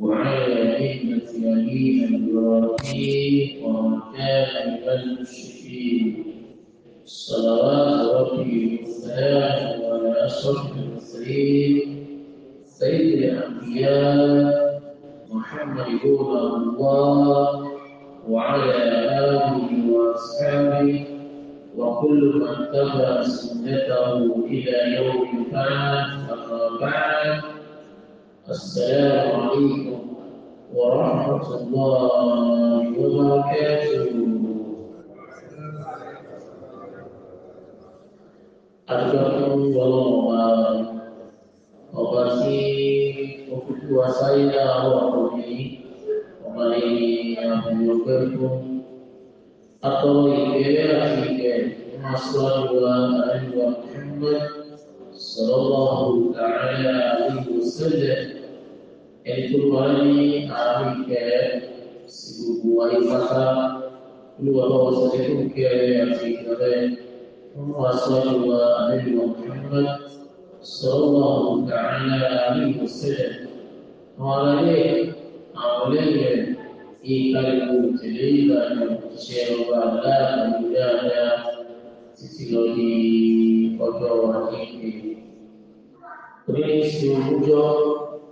وعلى نعمة أبينا إبراهيم من المشركين صلوات ربي وسلامه على أشرف المرسلين سيد الأنبياء محمد بن الله وعلى آله وأصحابه وكل من تبع سنته إلى يوم البعث فقد بعد Assalamualaikum warahmatullahi wabarakatuh. Adapun walaupun operasi untuk saya awal ini kembali yang menyukarkan atau ideasi ke masalah dan Muhammad Sallallahu Taala Alaihi Wasallam yaitu bani ke sibu waifata dua bawah saja kumkia yang dikabai Allah SWT Amin wa Muhammad Sallallahu ta'ala Amin wa sallam Walaya Awalaya Ikal kutelida Yang kisya Allah Dan Sisi lagi Kodoh Wakil Prinsip Ujah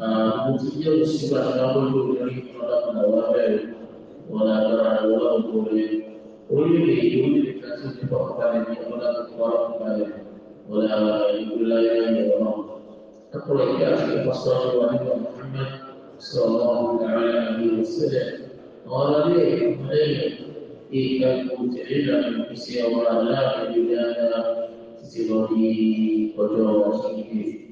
Ah, Mujizat sifat kamu itu dari kepada Allah Wala Allah boleh Uli ini dikasih di bawah kali ini Wala Allah kali ini Wala Allah ibu layan ya Allah Aku lagi asli pasal Muhammad Sallallahu ta'ala alaihi wa sallam Wala dia kumulai Ika kumutirila Kisya wa Allah Kisya wa Allah Kisya wa Allah Kisya wa Allah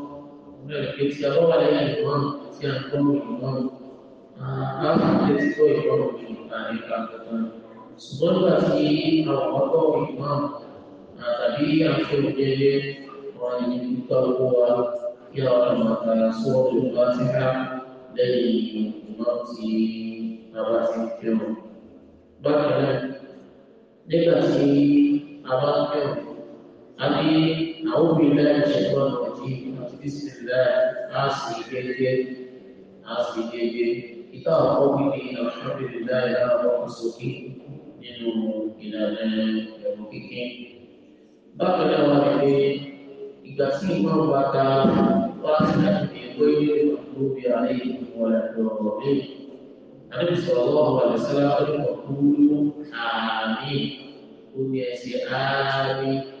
ya roho ya nani kwa kutia mkono kwa mkono na kwa kutia mkono kwa mkono sibon kwa kutia na wako kwa mkono na tabiri ya mkono mkono kwa njimuka kwa kia wa mkono na suwa kwa mkono kwa dari mauti na wasi kwa baka na dekati abakyo ali naubi na shukrani Bismillah, asli jadi, asli jadi. Kita hobi di Alhamdulillah ya Allah suci, minum minuman yang mungkin. Bagi awal ini, kita semua baca wasiat yang boleh waktu biarai mulai dua hari. Nabi Sallallahu Alaihi Wasallam berkata, Amin. Kuniasi Amin.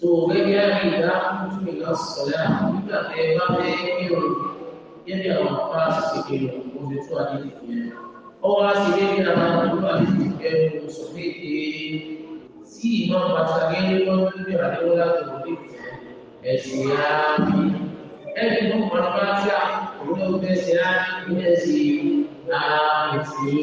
tó gẹ́gẹ́ bí ìdáhùn ìlà sọ̀lá nígbà tẹ ẹ bá fẹ́ kí o yẹ́nì àwọn apá àṣìṣe rẹ̀ omi tó àdéhùn yẹn. ó wá sí gẹ́gẹ́ bí àwọn àdúgbò àdéhùn yẹn ló sọ pé èé tí ìmọ̀ pàtàkì ẹni wọ́n ń gbé àdéhùn láti wọlé ẹ̀sìn yá bí. ẹni tó mọ̀ ní bá tí a òun ló fẹ́ ṣe á ní ẹ̀sìn ara ẹ̀sìn.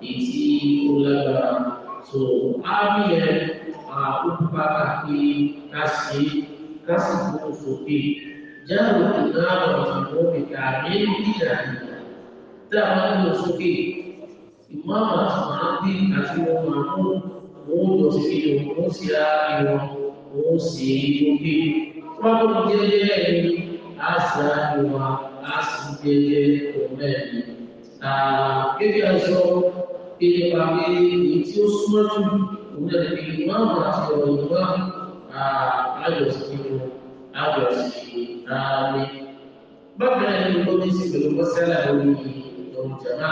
isi pula so api ya aku pakai kasih kasih pun suci jangan kita bersama kita ini tidak tidak mau suci imam mati kasih mau mau suci mau siapa mau suci Kau menjadi asal asal jadi komen. Nah, kita harus pé nípa pé èyí tí ó súnmọ́ jù òun náà ní pé wọ́n àwọn àti ọ̀rọ̀ ìwọ́n àjọṣe àjọṣe ààrẹ. bákan náà ni ó ní sí pẹ̀lú mọ́sálà lórí ìdọ̀rùn jàmá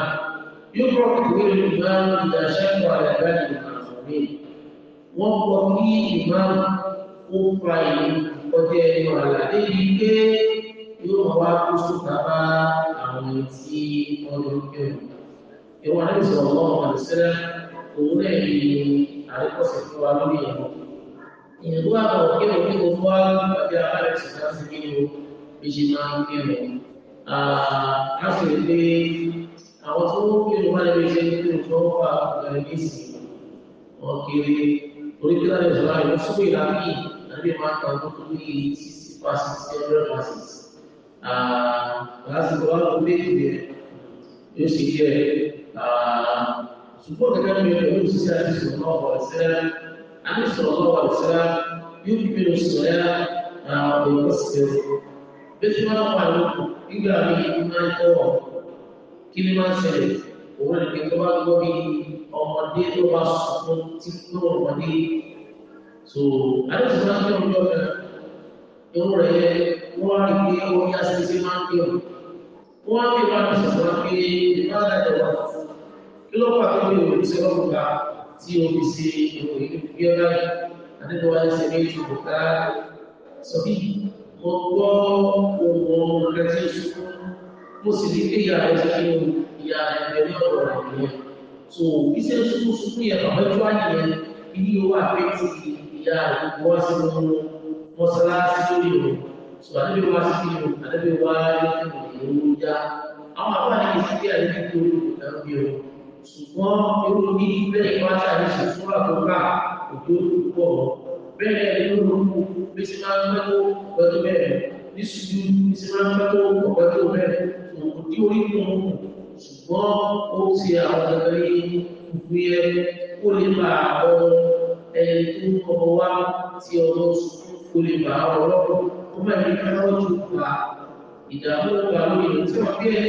yóò rọ̀ pé ìmáàmù ìdáṣẹ́kọ̀ọ́ àdàgbàdì àkànmí wọ́n kọ kí ìmáàmù ó fa ìlú ọjọ́ ẹnu àlà débi pé yóò wá kó sùn bàbá àwọn tí wọ́n lọ kẹ́wọ̀n. Ibu Nabi Sallallahu Alaihi Wasallam Kuna ini Alikwa sekolah lagi ya Ini dua mungkin Ini dua Bagi apa yang sekarang segini Bisi mungkin Asli ini Aku tuh mungkin Ibu Nabi Sallallahu Alaihi Wasallam Kuna ini Mungkin Kuri kita ada sekolah Ibu Sumi lagi Nabi Mata untuk ini Sisi pasis Sisi pasis ah, Rasulullah Kuna ini Ini sikir suporta kan bi yau su sai su sallallahu alaihi wasallam an sallallahu alaihi wasallam yuki bi sallaya na da wasu bi shi wannan kwano in ga mi in na ko kini ma sai o ne ke ko ba ko bi o ma de to ba su ko ti ko ma de so an su na ko ko ka to re wa ni ke o ya si si ma ko ko ma ke ba su ko ni ba da ko lọ́pàá tó ní òrìṣẹ́ lọ́pàá tí o fi ṣe èrò ìlú bí ọ̀rá yìí àdéhùn wa ń ṣe méjì òkúta sọ bí mo gbọ́ ohun ọmọ rẹ tí ó sùn mo sì ní pé ìyá rẹ ti fi ìyá rẹ ní ọ̀rọ̀ rẹ nìyẹn so iṣẹ́ sùn sùn yẹn bàbá tó wà nìyẹn ilé owó àpẹẹtì ìyá rẹ gbọ́ sí wọn mọ́ṣáláṣí lórí òun so àdéhùn wa sì fi àdéhùn wa ní ìròyìn owó já àwọn àbáyé ti ṣùgbọ́n irú ní bẹ́ẹ̀ bá ṣàlùsì fún àkókò òjò púpọ̀ bẹ́ẹ̀ ló ń mú bí sí máa ń mẹ́kọ́ pẹ̀lú bẹ́ẹ̀ ní ṣùgbọ́n bí sí máa ń mẹ́kọ́ pẹ̀lú bẹ́ẹ̀ òun tí orí mú un ṣùgbọ́n ó ti àwọn ẹgbẹ́ gbogbo yẹ kó lè bá àwọn ẹni tó ń kọ́ wá tí ọmọ kó lè bá ọlọ́pọ̀ ó máa ìdààmú ìgbàlóyè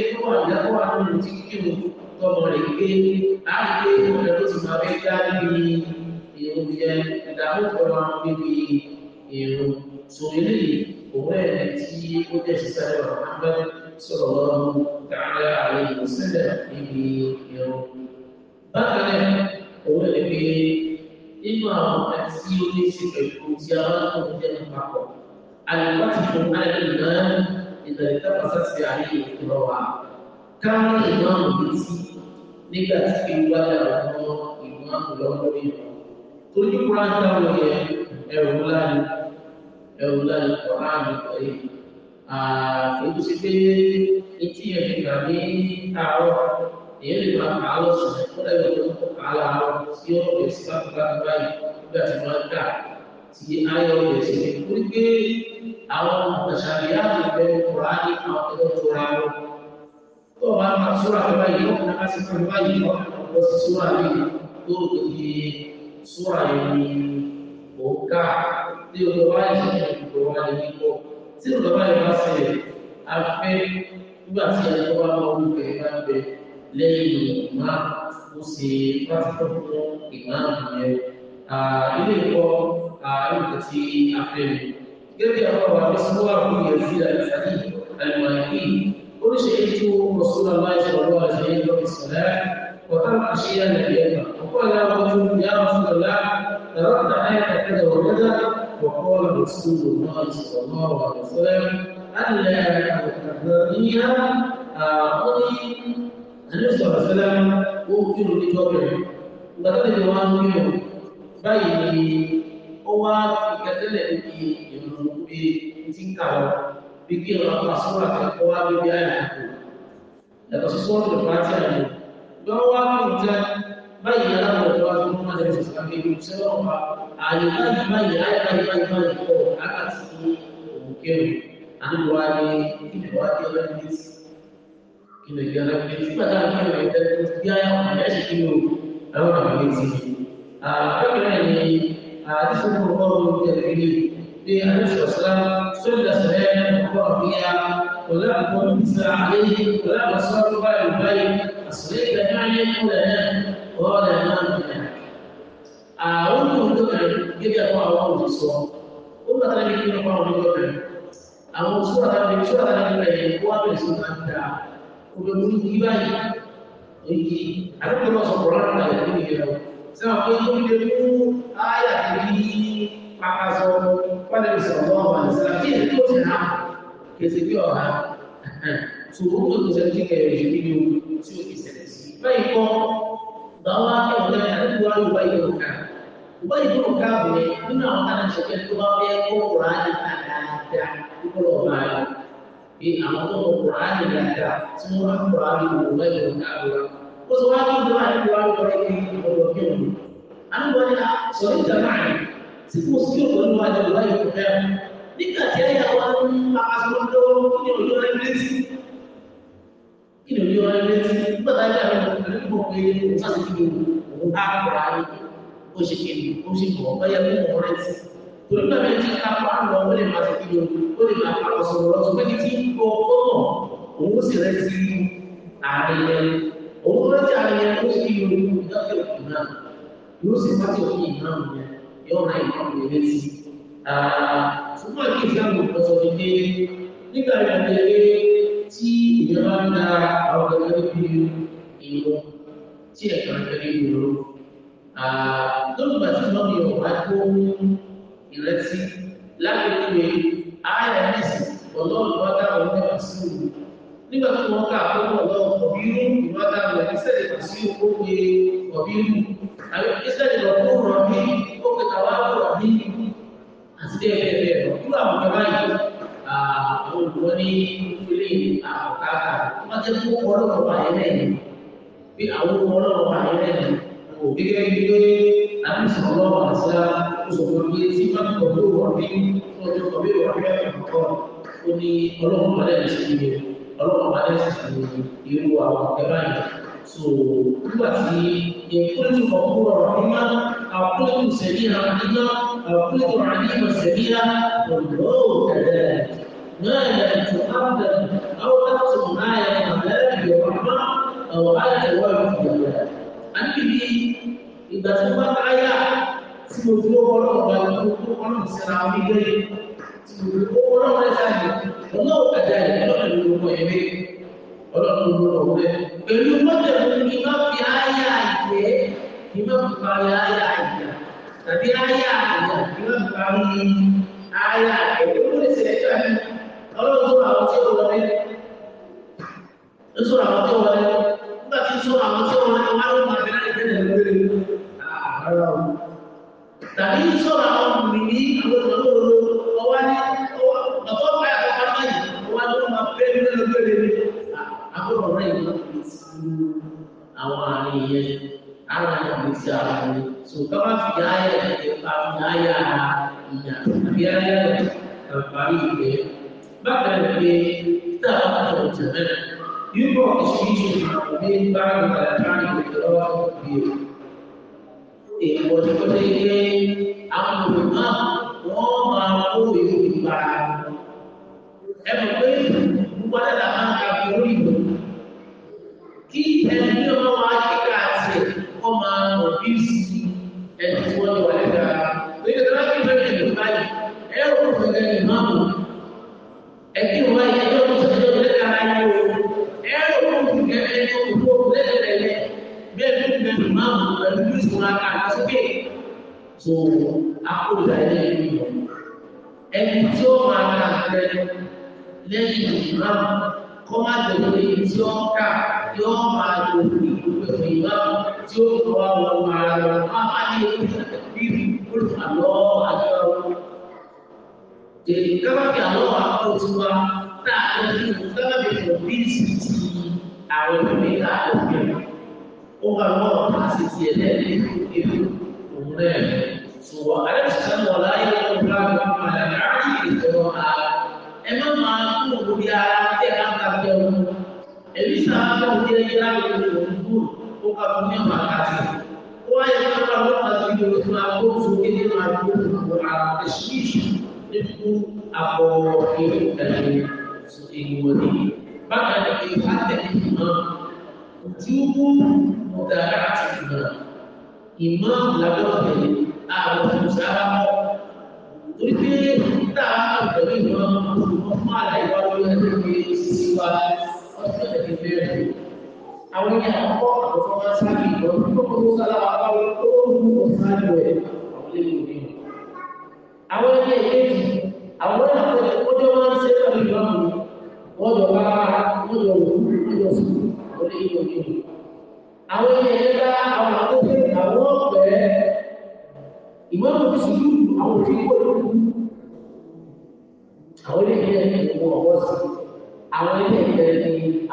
tí wọ́n gbé ẹni tó wà ní kemudian ahli menerus mereka ini ilmu dia tahu orang ini ilmu suri boleh di kota sesuatu Muhammad sallallahu taala alaihi wasallam ini ilmu bahkan boleh di imam asyuri sebagai ujian kemudian makhluk al-fatihah al-iman itu kita pasti ahli untuk kama imamu hizi ni katika ibada ya kuoa imamu yaoi tulikurantaoye eulani eulani korani kwai ikusikeye ikiye kikami taro yelima kalo sana kuda yoto kala hao sio yesika kukatukai kuda timaka sigi ayo yesike kurike awa mutashabiyati kwenye korani awa kwenye Tuhan nak surah ke bayi, Tuhan nak kasih ke bayi, Tuhan nak surah ini, turut di surah ini, buka, dia ke bayi, dia ke bayi, dia ke bayi, dia ke bayi, dia ke bayi, dia ke bayi, dia ke bayi, dia ke bayi, dia lain mak usi pasukmu iman ini. Ah ini ko ah ini si apa ni? Jadi apa? Semua orang yang sudah jadi almarhum ورجعت رسول الله صلى الله عليه وسلم وقام عشيا نبيك وقال يا رجل يا رسول الله تركت حياتك كذا وكذا وقال رسول الله صلى الله عليه وسلم ألا تحذرني أعطني النبي صلى الله عليه وسلم أوكل لتوبه لقد جوان منه بيني هو كتلتي من ربي تنكره fikirlah masalah kekuatan di anakku. Dan sesuatu yang macam ini. Doa kerja, bayi dalam doa semua dari sesuatu itu. Semoga ayat bayi ayat bayi bayi bayi itu akan sembuh. Mungkin anak doa ini tidak doa dia lagi. Ah, oh, kita jangan lagi kita dah lama kita dia yang ada sih itu. Aku nak bagi sih. Ah, apa yang ini? Ah, itu semua orang yang ini. بأن الرسول صلى سلام الله فيها ولا أقول عليه ولا أصاب يبين أصليت يعني لنا قال ما منا أعوذ بالله جدا وأعوذ بالصوم قلنا تاني كنا نقول بالله àwọn sùúrà tàbí sùúrà tàbí bẹ̀rẹ̀ wá bẹ̀rẹ̀ sí máa ń dà ọdún orí kí báyìí èyí àdúgbò náà sọ̀rọ̀ láti ìlú ìyẹ̀wò sẹ́wọ̀n pé ó ń lè mú áyà kiri 他他说关那个小猫嘛，你知道变多钱啊？也是叫啊，主不能成这个有有就一些，外公，老妈叫我们还是不要有外公看，外公看不呢？你们老大人随便多买点果果来吃吃，对啊，你不老买啊？你那么多果来吃吃，什么果来吃？我外公看不了，我说外公，你还是不要有外公，我我骗你，俺们国家所有的买。tí mo sì yóò pẹ̀lú àjọ ìwà ìfẹ́ nígbà tí ẹ̀yà wa ń aṣọ lọ́wọ́ kí ni òjò rẹ̀ létí kí ni òjò rẹ̀ létí nígbà tá a yà lọ pẹ̀lú ìbò pé òun sáà ti fi òun ká àkùrà rẹ̀ ó ṣe kéde ó ṣe bọ̀ ọ́ yẹ kó wọ́n rẹ̀ tì torí náà bí ẹni ká pa lọ ó lè máa ti fi ó lè máa pa sọ̀rọ̀ lọ́sọ̀ pé kí ti ń gbọ́ ọ̀nà òun sì rẹ̀ ti àárín òun rẹ̀ ti àárín ó sì fi òun ìdájọ́ ìgbìmọ̀ yóò yóò máa yọ ọmọ ìwé sí. ṣùgbọ́n kí ìfẹ́ mi lọ sọ fún mi nígbà ìrìnàjò tí ìjọba ń da àwọn ọmọ ìwé ìlú tí ẹ̀ka ìrìnàjò ìlú. lọ́gbà tí wọ́n mi ò wá tó ìrètí lágbègbè ims ọlọ́run wá dáhùn ní àṣìwò nígbà tí wọ́n ká àkókò ọlọ́run ọ̀bí rú ìwádàá rẹ̀ ìṣẹ̀lẹ̀ àṣìwò ó pe ọ̀bí rú àwọn ìṣẹ̀lẹ̀ ọ̀pọ̀ rọ̀ bíi kalau ini hasil dari tulang terbaik, atau dua ni pilih atau kata macam tu orang orang yang ini, tapi awal orang orang yang ini, tu dia dia nanti semua bahasa usah kami simpan kau tu kami kau tu kami orang yang kau kau ni orang mana yang sini, orang mana yang sini, ibu awak terbaik, so buat sih يكون غفورا رحيما اعطيته سبيلا عظيما اعطيته عليما سبيلا والله كذلك ما يأتي أرضا أو أقسم آية ملاك الرحمة أو آية واقف بالله أنبي إذا سمعت آية سمعت الله وقال سلام عليك سمعت الله وقال الله كذلك الله يقول الله يبيه الله يقول Beliau pun dia menerima biaya dia Dia bukan biaya dia Tapi ayah dia Dia bukan ayah dia Dia pun dia selesai Kalau tu lah macam orang ni Itu surah macam orang ni Tak cik surah macam orang ni Kemarin orang ni Tapi surah macam ีอะไรของอิสลามสุขภาพยายาเด็กปั๊ยายาอินาพยายาเด็กไปเด็กบ้านเด็กต่อไปจะเป็นยุคของชีวิตของเด็กบ้านของการทำให้เด็กโตขึ้นเอกชนก็จะเอ็งอัมพุนอัมโอมาโอยุบิบาเอ็มเอ Islam kau ada di Jawa kau ada di Islam Jawa orang Malang apa dia diri Allah atau jadi kalau kita Allah aku semua tak ada di kita kita bisnis awal kita ada orang mau pasti dia dari itu itu kemudian suara ada sesuatu lain yang berlaku pada hari itu orí ara tẹ̀ láǹkàtẹ̀ ọ̀hún. Ẹ̀mí sàábà òkè ẹ̀yẹ láwọn ènìyàn ń gbò ó ká fún mẹ́wàá àkàtì. Ó wáyé ká bá wọn máa fi lórí fún agbóhùn kéde máa gbó òkú àwọn ẹ̀ṣíṣù nínú àpò ìrìnkàlẹ̀ ìwọ̀lẹ̀. Bákan ní ìfà tẹ̀lé ìmọ̀ ojúbú ọ̀dàrà àti ìmọ̀ ìmọ̀ làbọ̀ tẹ̀lé àwọn ìmọ̀ sábà mọ́. Torí pé ti bẹ̀rẹ̀ àwọn ní àkọ́kọ́ àkọ́kọ́ máa sáré lọ sí kókó tó sára àbáwọ̀ tó kókó tó sáré rẹ̀ àwọn ilé ìwé àwọn ilé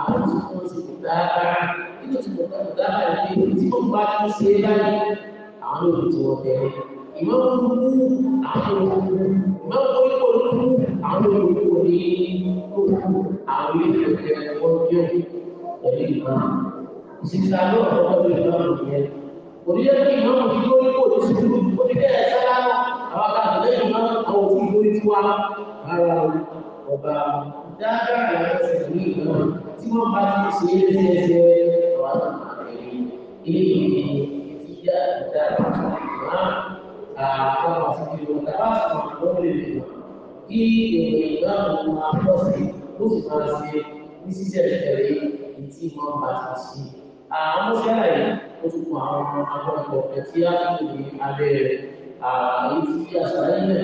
àwọn tí wọ́n ti kò dáadáa nínú tí wọ́n kò dáadáa yìí tí wọ́n bá tún ṣe é báyìí àwọn yóò tí wọ́n bẹ̀rẹ̀. Ìmọ̀ olùkú àwọn olùkú ìmọ̀ olùkú olùkú àwọn olùkú ní olùkú àwọn yóò bẹ̀rẹ̀ wọ́n jẹ́ pẹ̀lú ìmọ̀. Ìsìnkà náà lọ́wọ́ lórí ìmọ̀ nìyẹn. Òdíjẹ́ kí ìmọ̀ òfin lórí kò ní sùúrù, ó ti bẹ̀rẹ̀ sálá àwọn akáàtọ̀ lẹ́yìn náà àwọn òfin lórí tiwa. Ara ọba dáadáa lọ́wọ́ sí ìlú ìmọ̀ tí wọ́n bá ti ṣe é lẹ́sẹ̀ wà lẹ́yìn èyí ti yá ìdá ìwà àwọn àti ìwọ̀n tàbá sọ̀rọ̀ lọ́rẹ̀ ìwọ̀n kí ìròyìn náà ló máa pọ̀ sí ó sì máa ṣe ní ṣíṣẹ̀ ìṣẹ̀lẹ̀ tí wọ́n bá ti ṣe. àwọn mọ́ṣálà yìí ó ti kún àwọn ọmọ akọ́kọ̀ọ́ ẹ̀tí á ti lè abẹ́ rẹ̀ àyè tí àṣà lẹ́yìn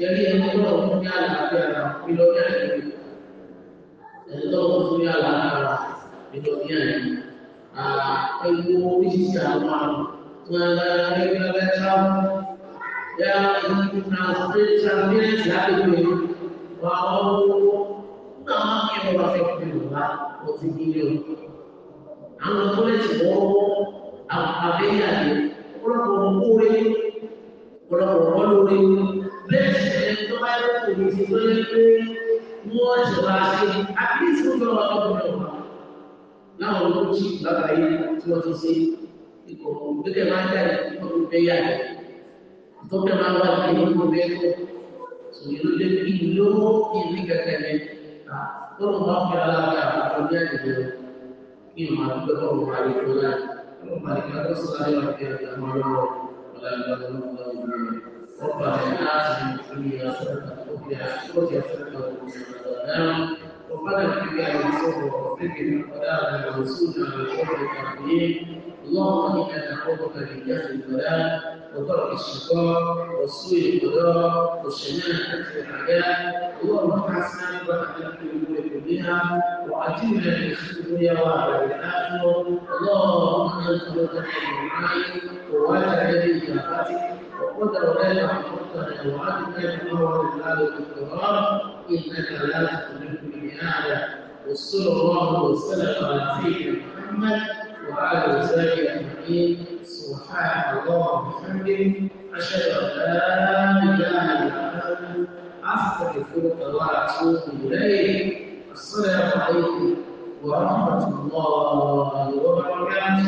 jadi yang kedua umumnya adalah biarlah pilotnya itu yang kedua umumnya adalah pilotnya ah ilmu fisik mengalami kebencian yang menafsir sambil jatuh wow nama yang berfikir adalah positif anda boleh semua apa-apa yang ada Orang-orang boleh Orang-orang boleh bẹ́ẹ̀ o ti tó yẹ pé wọ́n ṣe wá ṣe àbíyèsí tó não ọkùnrin ọ̀gá láwọn olóòtú bàbá yìí tí wọ́n ti ṣe ikọ̀ gbẹ́gẹ́ máa ń jáde nípa tó fẹ́ yà rẹ̀ tó fẹ́ máa wà ní ìlú bẹ́ẹ̀ kọ́ sòyìn ló dé bí lówó وترك الشقاء وسوء القضاء والشمال حتى الحاجات اللهم حسنا وحسنا في الامور كلها واعطينا الدنيا وعلى الاخره اللهم انت تحب العين وواجه هذه الافات وتولى حقوق الاموات فانه من باب الاضطرار انك لا تملك بمعاده وصلى الله وسلم على سيدنا محمد وعلى اله اجمعين سبحان الله وبحمده اشهد ان لا اله الا انت استغفرك واتوب اليك السلام عليكم ورحمه الله وبركاته